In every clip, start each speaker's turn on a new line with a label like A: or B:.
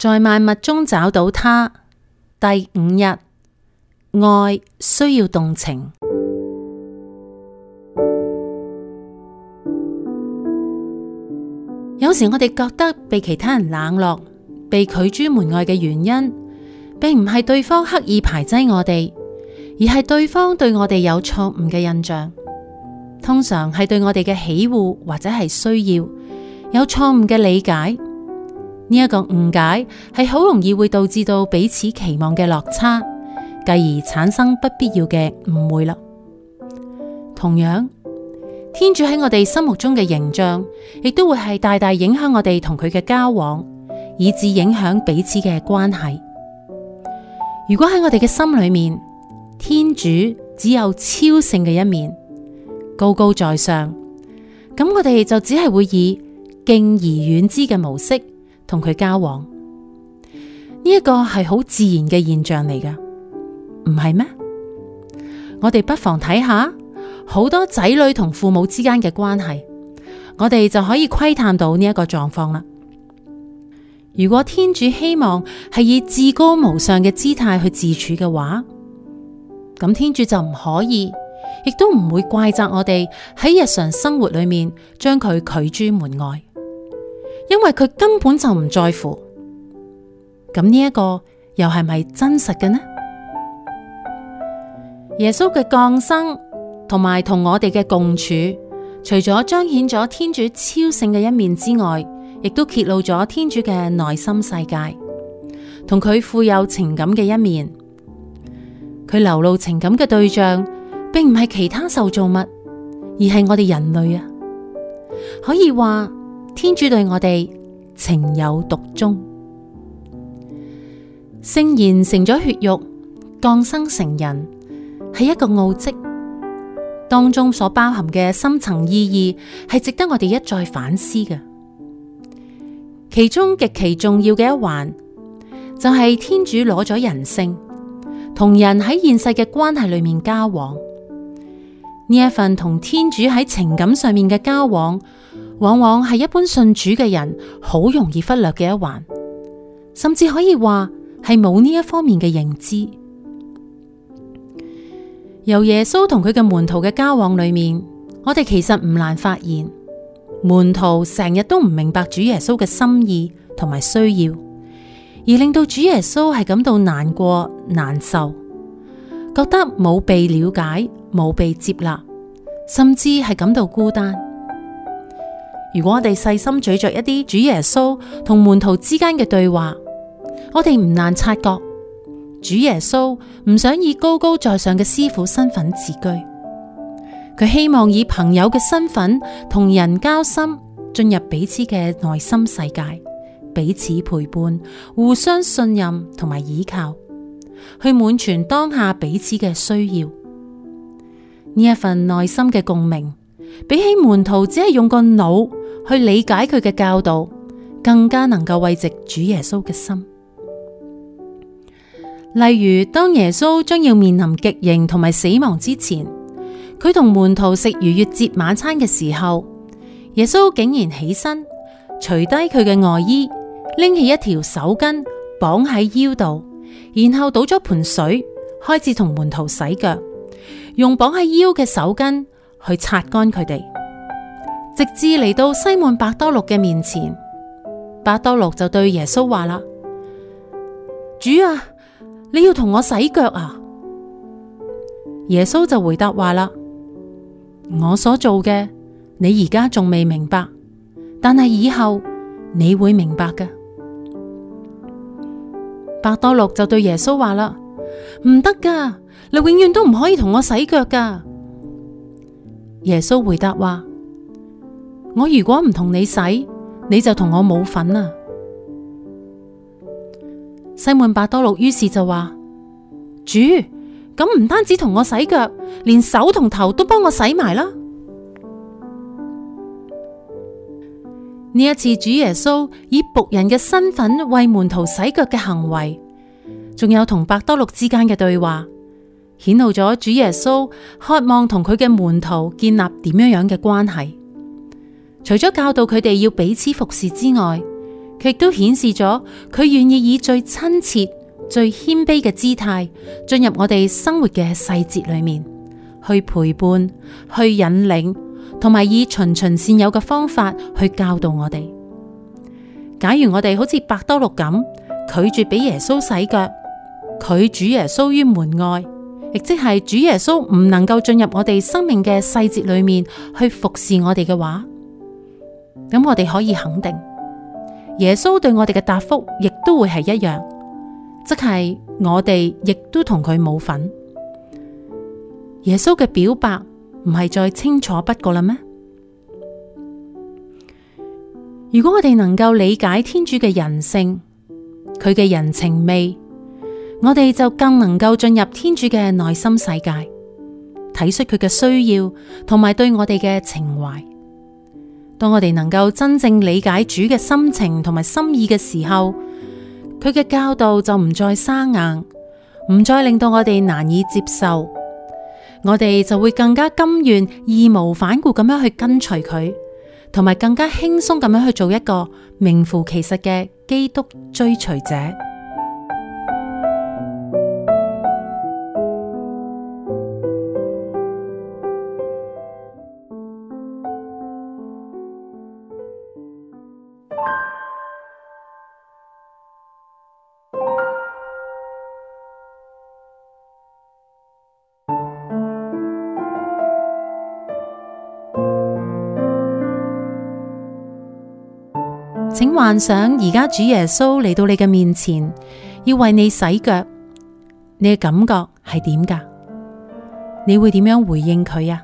A: 在萬物中找到他。第五日，愛需要動情。 有時我哋覺得被其他人冷落、被拒諸門外嘅原因，並唔係對方刻意排擠我哋，而係對方對我哋有錯誤嘅印象。通常係對我哋嘅喜惡或者係需要有錯誤嘅理解。呢一個誤解係好容易會導致到彼此期望嘅落差，繼而產生不必要嘅誤會啦。同樣，天主喺我哋心目中嘅形象，亦都會係大大影響我哋同佢嘅交往，以至影響彼此嘅關係。如果喺我哋嘅心裏面，天主只有超性嘅一面，高高在上，咁我哋就只係會以敬而遠之嘅模式。同佢交往，呢一個係好自然嘅現象嚟噶，唔係咩？我哋不妨睇下好多仔女同父母之間嘅關係，我哋就可以窺探到呢一個狀況啦。如果天主希望係以至高無上嘅姿態去自處嘅話，咁天主就唔可以，亦都唔會怪責我哋喺日常生活裏面將佢拒諸門外。因為佢根本就唔在乎，咁呢一個又係咪真實嘅呢？耶穌嘅降生同埋同我哋嘅共處，除咗彰顯咗天主超性嘅一面之外，亦都揭露咗天主嘅內心世界，同佢富有情感嘅一面。佢流露情感嘅對象，並唔係其他受造物，而係我哋人類啊。可以話，天主對我哋情有獨鍾，聖言成咗血肉，降生成人，係一個奧迹，當中所包含嘅深層意義係值得我哋一再反思嘅。其中極其重要嘅一環，就係天主攞咗人性，同人喺現世嘅關係裏面交往，呢一份同天主喺情感上面嘅交往，往往係一般信主嘅人好容易忽略嘅一環，甚至可以話係冇呢一方面嘅認知。由耶穌同佢嘅門徒嘅交往裏面，我哋其實唔難發現，門徒成日都唔明白主耶穌嘅心意同埋需要，而令到主耶穌係感到難過、難受，覺得冇被了解、冇被接納，甚至係感到孤單。如果我哋細心咀嚼一啲主耶穌同門徒之間嘅對話，我哋唔難察覺，主耶穌唔想以高高在上嘅師傅身份自居，佢希望以朋友嘅身份同人交心，進入彼此嘅內心世界，彼此陪伴，互相信任同埋倚靠，去滿全當下彼此嘅需要。呢一份內心嘅共鳴，比起門徒只係用個腦。去理解佢嘅教導，更加能夠慰藉主耶穌嘅心。例如，當耶穌將要面臨極刑同埋死亡之前，佢同門徒食逾越節晚餐嘅時候，耶穌竟然起身，除低佢嘅外衣，拎起一條手巾綁喺腰度，然後倒咗盆水，開始同門徒洗腳，用綁喺腰嘅手巾去擦乾佢哋。直至嚟到西滿伯多祿嘅面前，伯多祿就對耶穌話啦：主啊，你要同我洗腳啊！耶穌就回答話啦：我所做嘅你而家仲未明白，但係以後你會明白㗎。伯多祿就對耶穌話啦：唔得噶，你永遠都唔可以同我洗腳噶。耶穌回答話。我如果唔同你洗，你就同我冇份啦。西門伯多祿於是就話，主，咁唔單止同我洗腳，連手同頭都幫我洗埋啦。呢一次主耶穌以僕人嘅身份為門徒洗腳嘅行為，仲有同伯多祿之間嘅對話，顯露咗主耶穌渴望同佢嘅門徒建立點樣樣嘅關係。除咗教導佢哋要彼此服侍之外，佢亦都顯示咗佢願意以最親切、最謙卑嘅姿態進入我哋生活嘅細節裏面去陪伴、去引領，同埋以循循善誘嘅方法去教導我哋。假如我哋好似伯多祿咁拒絕俾耶穌洗腳，拒主耶穌於門外，亦即係主耶穌唔能夠進入我哋生命嘅細節裏面去服侍我哋嘅話。咁我哋可以肯定，耶穌對我哋嘅答覆亦都會係一樣，即係我哋亦都同佢冇份。耶穌嘅表白唔係再清楚不過啦咩？如果我哋能夠理解天主嘅人性，佢嘅人情味，我哋就更能夠進入天主嘅內心世界，體恤佢嘅需要同埋對我哋嘅情懷。當我哋能夠真正理解主嘅心情同埋心意嘅時候，佢嘅教導就唔再生硬，唔再令到我哋難以接受，我哋就會更加甘願義無反顧咁樣去跟隨佢，同埋更加輕鬆咁樣去做一個名副其實嘅基督追隨者。請幻想而家主耶穌嚟到你嘅面前，要為你洗腳，你嘅感覺係點㗎？你會點樣回應佢啊？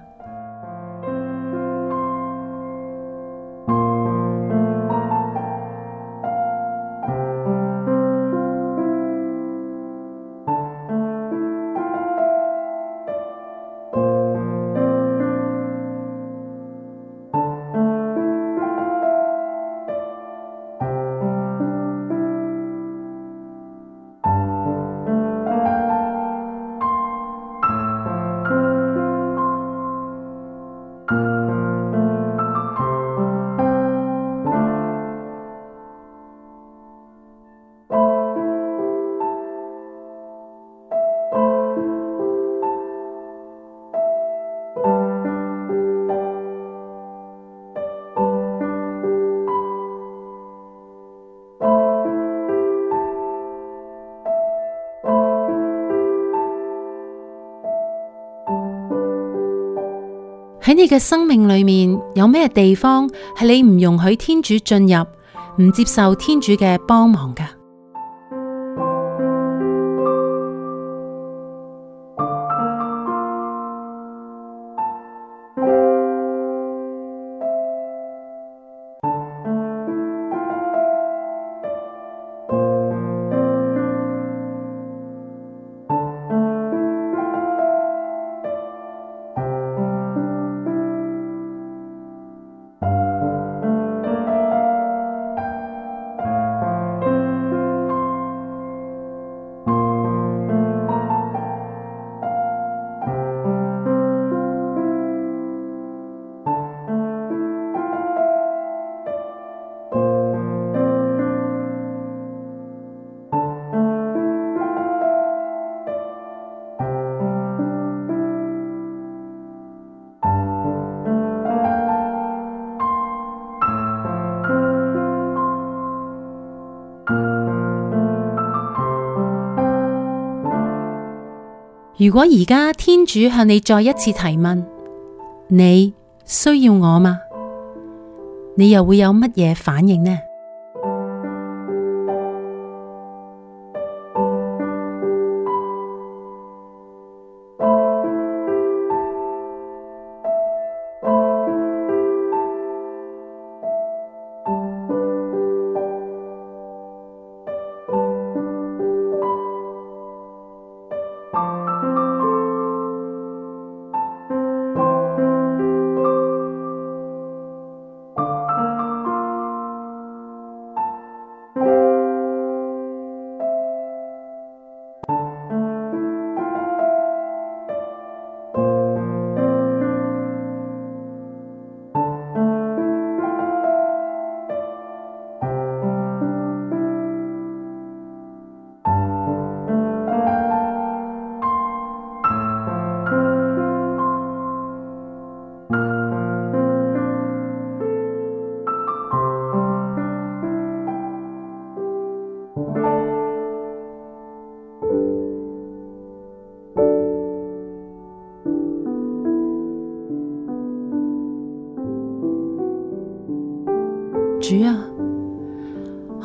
A: 喺你嘅生命裏面，有咩地方係你唔容許天主進入、唔接受天主嘅幫忙噶？如果而家天主向你再一次提問，你需要我嗎？你又會有乜嘢反應呢？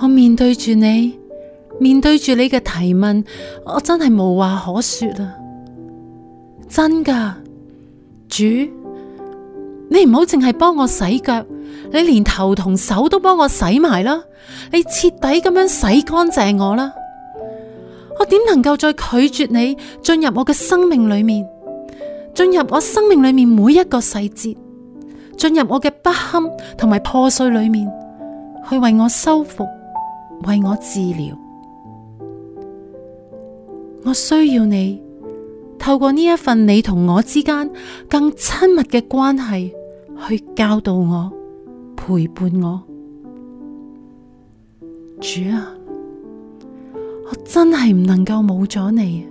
A: 我面對住你，面對住你嘅提問，我真係無話可說啦。真㗎，主，你唔好淨係幫我洗腳，你連頭同手都幫我洗埋啦。你徹底咁樣洗乾淨我啦。我點能夠再拒絕你進入我嘅生命裏面，進入我生命裏面每一個細節，進入我嘅不堪同埋破碎裏面，去為我修復。為我治療，我需要你透過呢一份你同我之間更親密嘅關係去教導我、陪伴我，主啊，我真係唔能夠冇咗你。